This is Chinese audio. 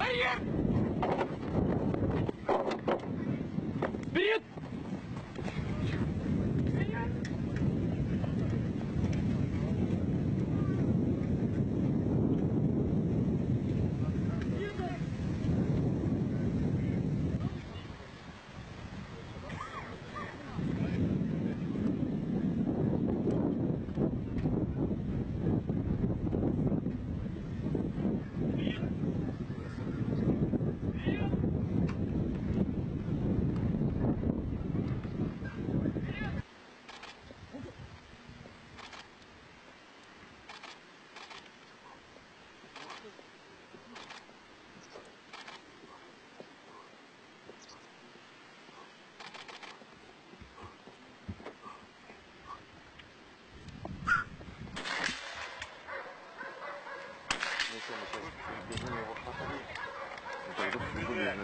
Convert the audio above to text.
Hayır! 别看了，我怕死。找个辅助的人。